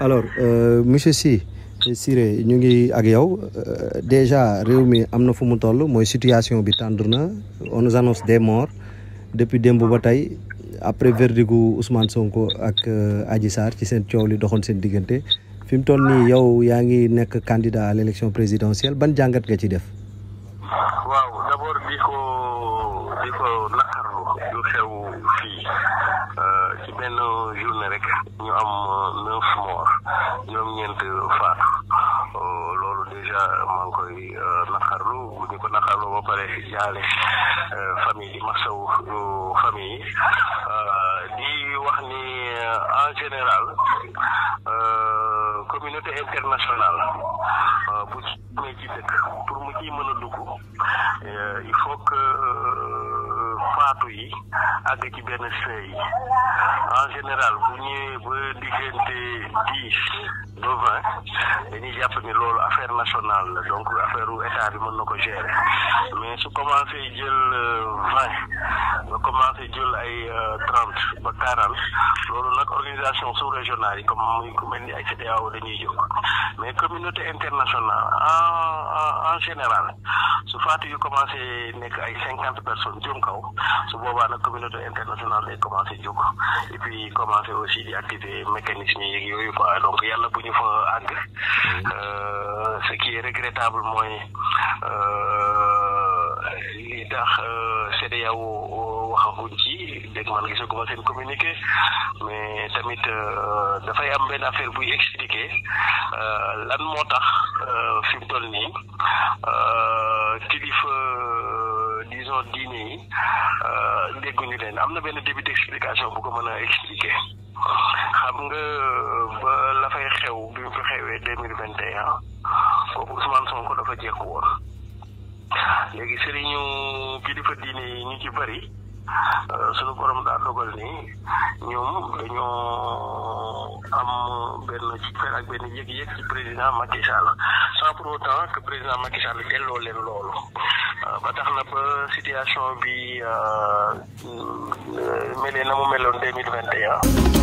alors euh, monsieur Sy euh, Siré ñu ngi ak yow euh, déjà réew mi am na fu mu toll mooy situation bi tendre na on nous annonce des morts depuis démb ba tey après verdict gu Ousmane Sonko ak Adji Sarr ci seen coow li doxoon seen diggante fi mu toll nii yow yaa ngi nekk candidat à l'élection présidentielle ban jàngat nga ci def. waaw d'abord di ko di ko naqarlu lu xew fii. ci benn journée rek ñu am euh, neuf morts ñoom ñeent faatu euh, loolu déjà maa koy euh, naqarlu bu ko naqarlu ba pare jaale famille yi masawu famille di wax ni en général communauté internationale bu ci ci dëkk pour mu ciy mën a dugg il faut que faatu yi àgg ci benn sëy en général bu ñëwee ba diggante dix ba vingt dañuy jàpp ni loolu affaire nationale la donc affaire u état bi mën na ko gérer mais su commencé jël euh, commencé jël ay euh, loolu nag organisation sous régionale yi comme muy ku mel ni ay CEDEAO dañuy jóg mais communauté internationale en en général su faatu yu commencé nekk ay cinquante personnes jëm kaw su boobaa nag communauté internationale day commencé jóg et puis commencé aussi di activer mécanisme yi yooyu quoi donc yàlla bu ñu fa àgg mm-hmm. euh, ce qui est regrettable mooy euh, li tax CEDEAO waxaguñ ci dégg man gisaguma seen communiqué mais tamit euh, dafay am benn affaire buy expliquer euh, lan moo tax euh, fi mu toll nii kilifa disons diine yi dégguñu leen am na benn début d'explication bu ko mën a expliquer xam nga ba la fay xew bi mu fi xewee deux mille vingt et un kooku Ousmane Sonko dafa jekk woon léegi sëriñu kilifa diine yi ñu ci bari Euh, suñu borom daa dogal ni ñoom dañoo am benn ci fer ak benn yëg-yëg président Macky Sall sans pour autant que président Macky Sall delloo leen loolu euh, ba tax na ba situation bi euh, melee na mu meloon deux mille vingt et